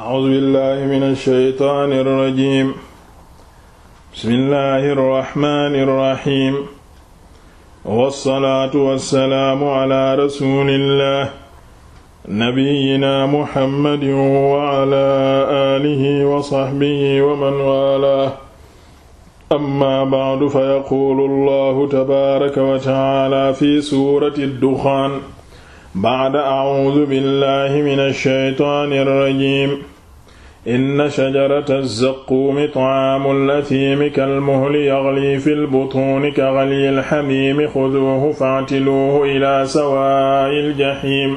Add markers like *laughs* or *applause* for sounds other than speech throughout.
a'uuzu billahi mina shaytaani rajiim bismillahi rahmaani rahiim wassalaatu wassalaamu ala rasulillah nabiyyina muhammadin wa ala alihi wa sahbihi wa man waalaahu amma ba'du fa yaquulu allahu tabaaraka wa ta'aala fi suurati dukhaan bacda acuudu billahi min alsheytaani alrajim inna shajarata alzaquumi tacaamu alatiimi kalmuhli yaglii fi lbutuuni kagalyi alxamiimi xuduuhu factiluuhu ila sawaa'i aljaxiim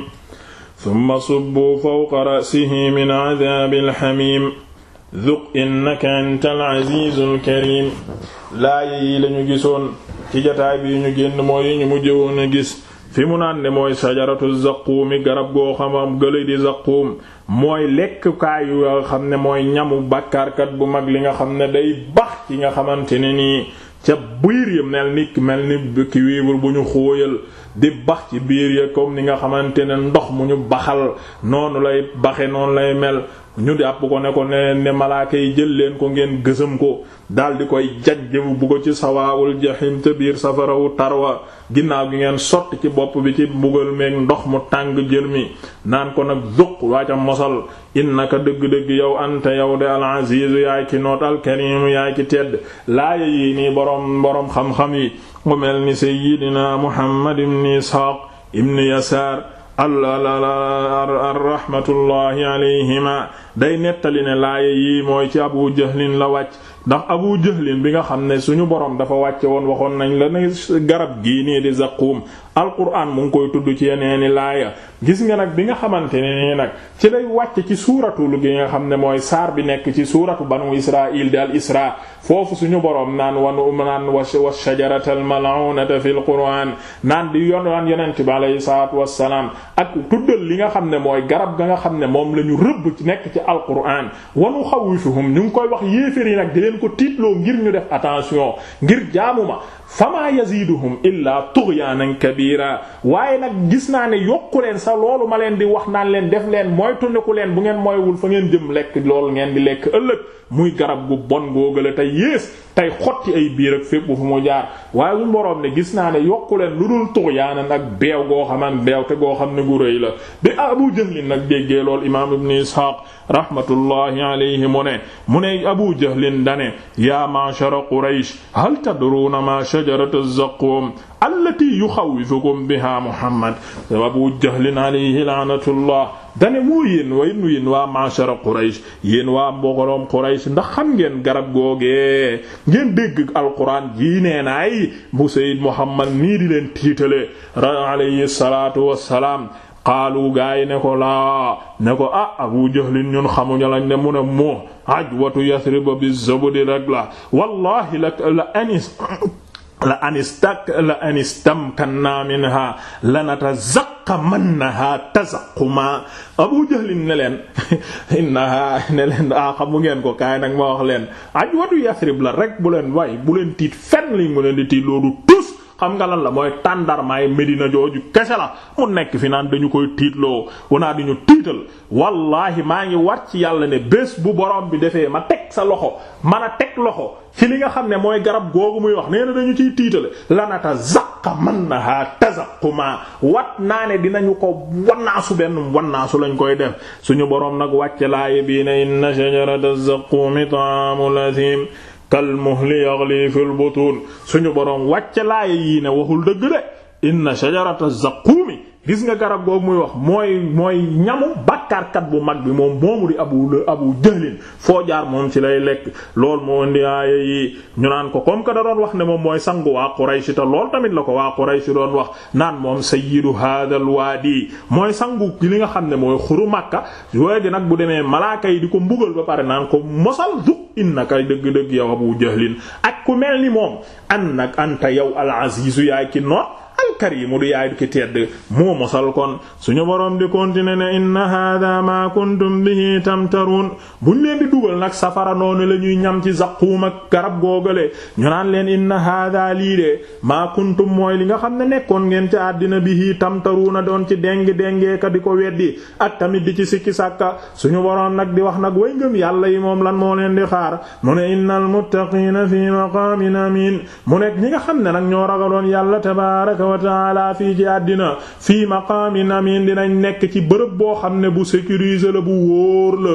summa subbuu fawqa ra'sihi min cadaabi alxamiim duq innaka anta alaziizu alkariim laayi yi lañu gisoon ci jataay bi ñu génn mooy ñu mujjëwoon a gis fi mu naan ne mooy sajaratu zaquumi garab goo xamam gëlay di zaquum mooy lekkukaay yu xam ne mooy ñamu bàkkaarkat bu mag li nga xam ne day bax ci nga xamante ni nii ca biir yi mel ni mel ni ki wiibul bu ñu xóoyal di bax ci biir ya comme ni nga xamante ne ndox mu ñu baxal noonu lay baxe noonu lay mel ñu jàpp ko ne ko ne ne yi jël leen ko ngeen gësëm ko daal di koy jajj bu ko ci sawaawul jahim ca biir wu tar wa ginnaaw gi ngeen sotti ci bopp bi ci mbugal meeg ndox mu tàng jël mi naan ko nag duq waa ca mosal innaka dëgg-dëgg yow anta yow de al aziz yaay ki noot al karim yaay ki tedd laaya yi nii boroom boroom xam-xam yi mu mel ni sayyidina Muhammad ibn Isxaaq ibn Yasaar al rahmatullahi alayhima day nettali ne laaya yi mooy ci Abu Jahlin la wàcc ndax Abu Jahlin bi nga xam ne suñu borom dafa wàcce woon waxoon nañ la ne garab gii nii di zaqqum alquran mu ngi koy tudd ci yeneeni laaya gis nga nag bi nga xamante ne nii nag ci lay wàcc ci suuratu suuratul gi nga xam ne mooy saar bi nekk ci suuratu banu israil di al isra foofu suñu boroom naan wanu naan wa shajarata al mal'unata fil qur'an naan di yonaan yonent bi alayhi salaatu wassalaam ak tuddal li nga xam ne mooy garab ga nga xam ne moom la ñu rëbb ci nekk ci alquran wanu xawifuhum ñu ngi koy wax yéefér yi nag di leen ko tiitloo ngir ñu def attention ngir jaamuma fama yaziduhum illa tughyanan kathira waaye nag gis naa ne yokku leen sa loolu ma leen di wax naan leen def leen mooy tundiku leen bu ngeen mooywul fa ngeen jëm lekk loolu ngeen di lekk ëllëg muy garab gu bon góogale tey yées tey xotti ay biirak ak fépp bu fu mu jaar waaye bu boroom ne gis naa ne yokku leen lu dul tuxyaanan ak beew goo xaman beew te goo xam ne gu rëy la bi abu jahlin nag déggee lool imaam ibn ishaq rahmatullahi alayhi mu ne mu ne abu jahlin dane yaa ma'shara quraysh hal allati yuxawwifukum biha Muhammad Abu Jahlin alayhi la'natullah dane moo yéen way nu yéen waa mashara Quraysh yéen waa mbokoroom Quraysh ndax xam ngeen garab googee ngeen dégg alquran jii nee naay bu Sayyid Muhammad nii di leen tiitale ra alayhi salaatu wassalaam qaalu gaa yi ne ko laa ne ko ah Abu Jahlin ñun xamuñu lañ ne mun a moo ajwatu Yasrib bi zabudi rek la wallahi la anis la anistak la anistamkanna na lanatazaqqamannaha tazaqquma Abu Jahlin ne leen *laughs* innaha ne leen a ah, xamu ngeen ko kaay nag ma wax leen ajwatu Yasrib la rek bu leen way bu leen tiit fenn li mu leen di tiit loolu tus xam nga lan la mooy tàndarmaay Medina jooju kese la mu nekk fi naan dañu koy tiitloo wanaa di ñu tiital wallaahi maa ngi war ci yàlla ne bés bu borom bi defee ma teg sa loxo man a teg loxo ci li nga xam ne mooy garab googu muy wax nee na dañu ciy tiitale lanata zaqa man na ha tazaquma wat naa ne dinañu ko wannaasu benn wannaasu lañ koy def suñu borom nag wàcce laayi bii na inna shajarata zaqumi ta'amul athim kalmuhli yaghli fil butun suñu boroom wàcce laaya yii ne waxul dëgg de inna shajarata zaqqumi gis nga garab googu muy wax mooy mooy ñamu bàkkaarkat bu mag bi moom moomu di abu la abu jëlin foo jaar moom ci lay lekk lool moo indi aaya ñu naan ko comme que daroon wax ne moom mooy sangu waa Quraysh te lool tamit la ko waa Quraysh doon wax naan moom sa sayyidu hadal waadi mooy sangu li nga xam ne mooy xuru màkka yooyu di nag bu demee malaaka yi di ko mbugal ba pare naan ko mosal duk innaka dëgg-dëgg yow abu jëlin ak ku mel ni moom an nag anta yow al alkarimu du yaay du ki tedd moo mosal kon suñu boroom di continuer ne inna hada ma kuntum bihi tamtarun buñ leen di dugal nag safara noonu la ñuy ñam ci zaquum ak garab googale ñu naan leen inna hada lii de ma kuntum mooy li nga xam ne nekkoon ngeen ci àddina bihi tamtaruna doon ci déng déngeeka di ko weddi ak tamit di ci sikki sàkka suñu boroom nag di wax nag way ngëm yàlla yi moom lan moo leen di xaar mu ne al muttaqina fi maqamin amin mu nekk ta'ala fii ci àddina fii maqaamin amiin dinañ nekk ci bërëb boo xam ne bu sécurisé la bu wóor la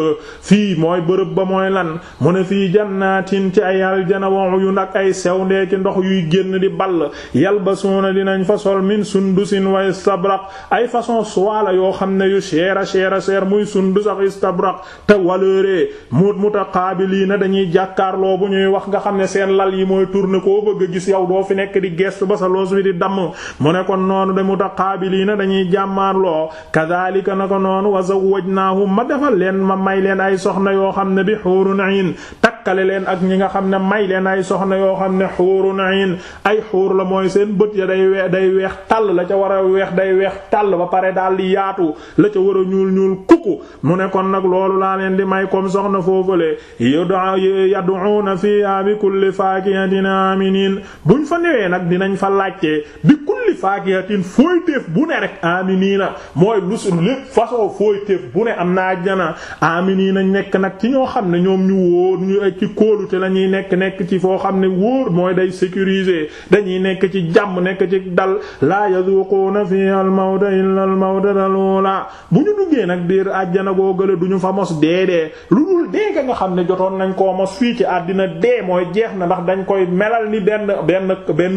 fii mooy bërëb ba mooy lan mu ne fii jannaatin ci ay aljana yu nag ay sew ndee ci ndox yuy génn di ball yalbasuuna dinañ fa sol min sundusin wa istabraq ay façon soie yoo xam ne yu cher a cher a cher muy sundus ak istabraq te waleere mu mutaqaabiliina dañuy jàkkaarloo bu ñuy wax nga xam ne seen lal yi mooy tourner koo bëgg gis yow doo fi nekk di gestu ba sa loos wi di damm mu ne kon noonu de mutaqaabiliina dañuy jàmmaarloo kadhalika na ko noonu wa zawwajnaahum ma defal leen ma may leen ay soxna yoo xam ne bi hurun ayn takkale leen ak ñi nga xam ne may leen ay soxna yoo xam ne hurun ayn ay xuur la mooy seen bët ya day weex day weex tàll la ca war a weex day weex tàll ba pare daal di yaatu la ca war ñuul ñuul kukku mu ne kon nag loolu laa leen di may comme soxna foofale yad'una fiha bi kulli faakihatin aminin buñ fa newee nag dinañ fa laajte kulli faakihatin fooy téef bu ne rek aminiina mooy lu su lépp façon fooy téef bu ne am na ajjana aminiina nekk nag ci ñoo xam ne ñoom ñu wóor ñu ci kóolute la ñuy nekk nekk ci foo xam ne wóor mooy day sécuriser dañuy nekk ci jàmm nekk ci dal laa yazuquuna fiha al mawta illa al mawtatal uula bu ñu duggee nag biir ajjana googale du ñu fa mos dee dee lu dul dee nga nga xam ne jotoon nañ koo mos fii ci àddina dee mooy jeex na ndax dañ koy melal ni benn benn benn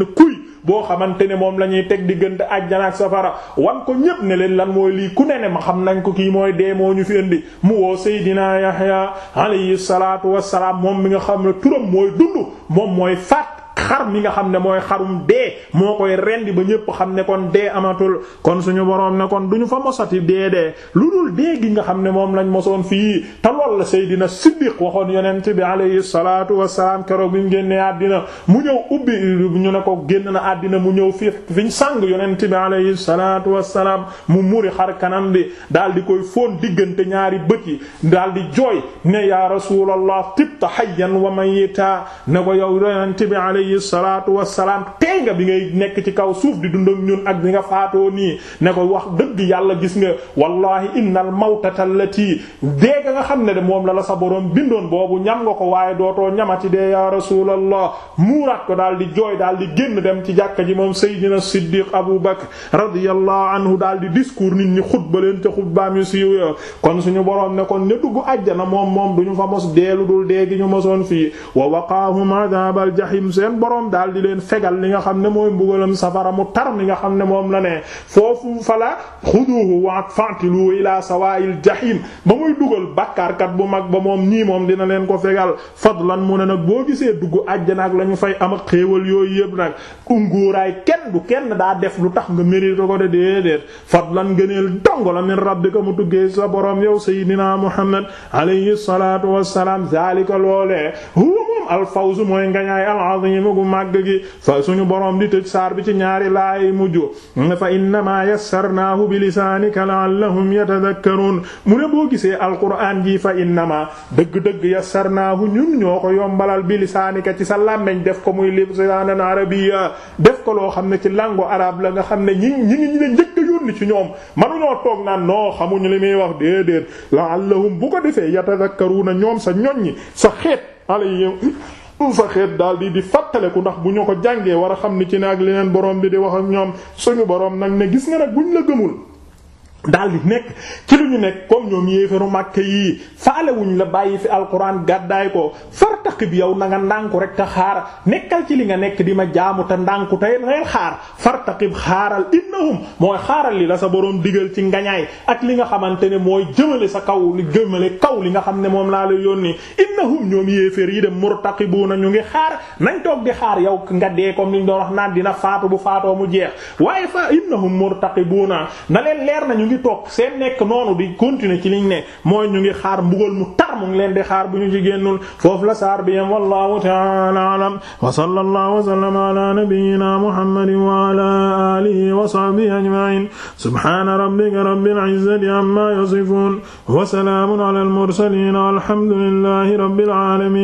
boo xamante ne moom la ñuy teg diggante àjjana ak safara wan ko ñépp ne leen lan mooy lii ku ne ne ma xam nañ ko kii mooy dee moo ñu fi indi mu woo Seydina Yahya alayhi salaatu wassalaam moom mi nga xam ne turam mooy dund moom mooy faat xar mi nga xam ne mooy xarum dee moo koy rendi ba ñépp xam ne kon dee amatul kon suñu boroom ne kon duñu fa mosati dee dee lu dul dee gi nga xam ne moom lañ mosoon fii te lool la Seydina Siddiq waxoon yonent bi alayhi salaatu wassalaam keroog bi mu àddina mu ñëw ubbi ñu ne génn na àddina mu ñëw fi fiñ sang yonent bi alayhi salaatu wassalaam mu muri xar kanam bi daal di koy fóon diggante ñaari bët yi daal di jooy ne yaa rasuulallah tibta hayyan wa mayyita ne ko yow yonent bi alayhi alayhi salaatu wassalaam nga bi ngay nekk ci kaw suuf di dund ak ñun ak bi nga faatoo nii ne ko wax dëgg yàlla gis nga wallahi innal mawtata allati déega nga xam ne de moom la la sa boroom bindoon boobu ñam nga ko waaye dootoo ñamati dee ya rasulallah muuraat ko daal di jooy daal di génn dem ci jàkka ji moom saydina siddiq abu bakr radiyallahu anhu daal di discours nit ñi xutba leen ca xutbaam yu siiw yo kon suñu boroom ne kon ne dugg àjjana moom moom duñu fa mos deelu dul dee gi ñu mosoon fii wa waqaahum adabal jahim seen boroom xam ne mooy mbugalam safara mu tar mi nga xam ne moom la ne foofu fala xuduhu wa fa'tilu ila sawaa'il jahim ba muy dugal bàkkaarkat bu mag ba moom nii moom dina leen ko fegal fadlan mu ne nag boo gisee dugg àjjana ak la ñu fay am ak xéewal yooyu yëpp nag ungóoraay kenn du kenn daa def lu tax nga mérite ko de déedéet fadlan gëneel dongo la min rabbika mu tuggee sa borom yow sayyidina muhammad alayhi salatu wassalam zalika loolee alfawzu mooy ngañaay al-azim gu màgg gi fa suñu borom di tëj saar bi ci ñaari laay mujj fa innamaa yassarnaahu bi lisaanika la'allahum yatadhakkaruun mu ne boo gisee alquraan ji fa innamaa dëgg-dëgg yassarnaahu ñun ñoo ko yombalal bi lisaanika ci sa làmmeñ def ko muy lisaanan arabiyya def ko loo xam ne ci lango arab la nga xam ne ñi ñi ngi ñu njëkk a yónni ci ñoom manuñoo toog naan noo xamuñu li muy wax déedéet la'allahum bu ko defee yatadhakkaruuna ñoom sa ñoññi sa xeet alayhim fa xeet daal di di fàttaleku ndax bu ñu ko jàngee war a xam ni ci ne ak leneen borom bi di wax ak ñoom suñu borom nag ne gis nga nag buñ la gëmul daal di nekk ci lu ñu nekk comme ñoom yéefaru màkk yii faalewuñ la bàyyi fi alquran gàddaay ko fartaqib yow na nga ndànku rek te xaar nekkal ci li nga nekk di ma jaamu te ndànku tey xaar fartaqib xaaral mooy xaaral li la sa boroom digal ci ngañaay ak li nga xamante ne mooy jëmale sa kaw li jëmale kaw li nga xam ne moom laa la yónni innahum ñoom yéefér yi de na ñu ngi xaar nañ toog di xaar yow nga dee comme ñu doon wax naan dina faatu bu faatoo mu jeex waaye fa innahum murtaqibuuna na leen leer nañu ngi toog seen nekk noonu di continuer ci liñ ne mooy ñu ngi xaar mbugal mu tar mu ngi leen di xaar bu ñu ci génnul foofu la saar bi yam wallahu ta'ala alam wa sallallahu wa sallama ala nabiyyina muhammadin wa ala alihi wa sahbihi ajma'in subhana rabbika rabbil izzati amma yasifun wa salamun ala al mursalin walhamdulillahi rabbil alamin